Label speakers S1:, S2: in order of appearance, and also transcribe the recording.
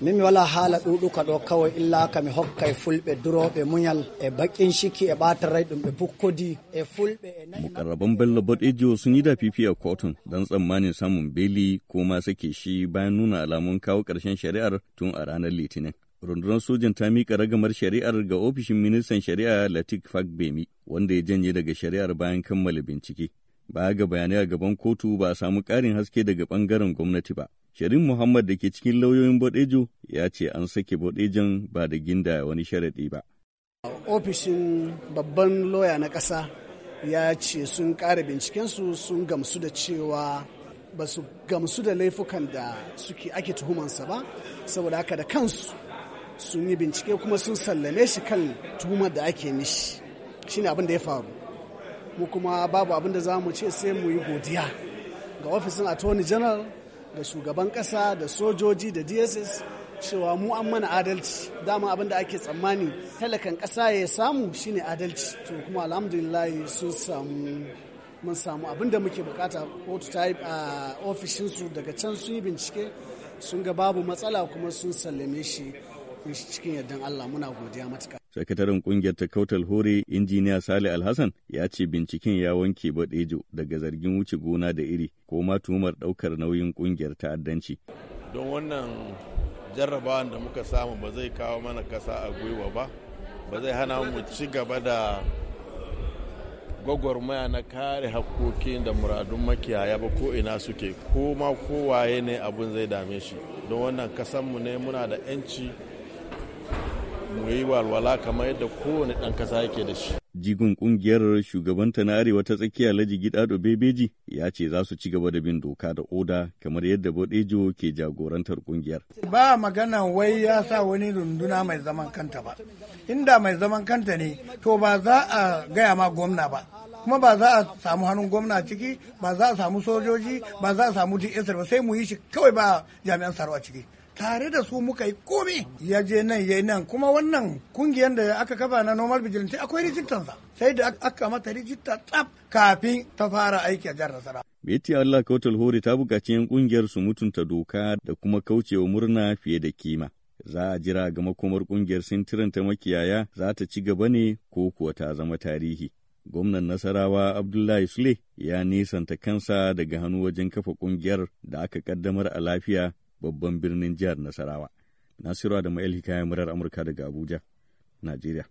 S1: min wala hala ɗuɗuka ɗo kawai illa ka mi hokka fulɓe duroɓe muñal e baƙin ciki e ɓata rai ɗum ɓe pukkodi e fulɓe
S2: e mukarraban bello boɗejo sun yi da fifi a kotun don tsammanin samun beli ko ma sake shi bayan nuna alamun kawo ƙarshen shari'ar tun a ranar litinin rundunar sojan ta miƙa ragamar shari'ar ga ofishin ministan shari'a latik fagbemi wanda ya janye daga shari'ar bayan kammala bincike Ba ga bayanai a gaban kotu ba a samu ƙarin haske daga ɓangaren gwamnati ba. sharin Muhammad da ke cikin lauyoyin Bodejo ya ce an sake Bodejon ba da ginda wani sharaɗi ba.
S1: Ofishin babban loya na ƙasa ya ce sun ƙara bincikensu sun gamsu da cewa ba su gamsu da laifukan da suke ake tuhumansa ba saboda haka da kansu sun yi bincike kuma sun sallame shi kan tuhumar da ake mishi ne abin da ya faru mu kuma babu abin da za mu ce sai mu yi godiya ga ofisin attorney general da shugaban kasa da sojoji da dss cewa mu an mana adalci dama abin da ake tsammani talakan kasa ya samu shine adalci to kuma alhamdulillah sun samu mun samu abin da muke bukata kotu ta yi a ofishinsu daga can sun yi bincike sun ga babu matsala kuma sun sallame shi cikin yardan Allah muna godiya matuƙa.
S2: Sakataren kungiyar ta Kautal Hore, injiniya Sale Alhassan, ya ce binciken ya wanke baɗejo daga zargin wuce gona da iri ko ma tumar ɗaukar nauyin kungiyar ta'addanci.
S3: Don wannan jarrabawan da muka samu ba zai kawo mana kasa a gwiwa ba, ba zai hana mu ci gaba da gwagwarmaya na kare hakokin da muradun makiyaya ba ko ina suke ko ma kowaye ne abin zai dame shi don wannan kasanmu ne muna da 'yanci mu yi walwala kamar yadda kowane ɗan ƙasa yake
S2: da shi. Jigun ƙungiyar shugabanta na Arewa ta tsakiya Laji da Bebeji ya ce za su ci gaba da bin doka da oda kamar yadda Bodejo ke jagorantar ƙungiyar.
S4: Ba magana wai ya sa wani runduna mai zaman kanta ba. Inda mai zaman kanta ne to ba za a gaya ma gwamna ba. kuma ba za a samu hannun gwamna ciki ba za a samu sojoji ba za a samu DSR ba sai mu yi shi kawai ba jami'an tsaro a ciki tare da su muka yi komi ya je nan ya nan kuma wannan kungiyar da aka kafa na normal vigilante akwai rijistansa sai da aka mata rijista tsaf kafin ta fara aiki a jihar nasara.
S2: Meti Allah Kautal Hori ta bukaci 'yan ƙungiyar su mutunta doka da kuma kaucewa murna fiye da kima. Za a jira ga makomar ƙungiyar sintirin ta makiyaya za ta ci gaba ne ko kuwa ta zama tarihi. Gwamnan Nasarawa Abdullahi Sule ya nisanta kansa daga hannu wajen kafa ƙungiyar da aka ƙaddamar a lafiya babban birnin jihar Nasarawa. Nasiru Adamu Ma'il Hikaya murar Amurka daga Abuja, Najeriya.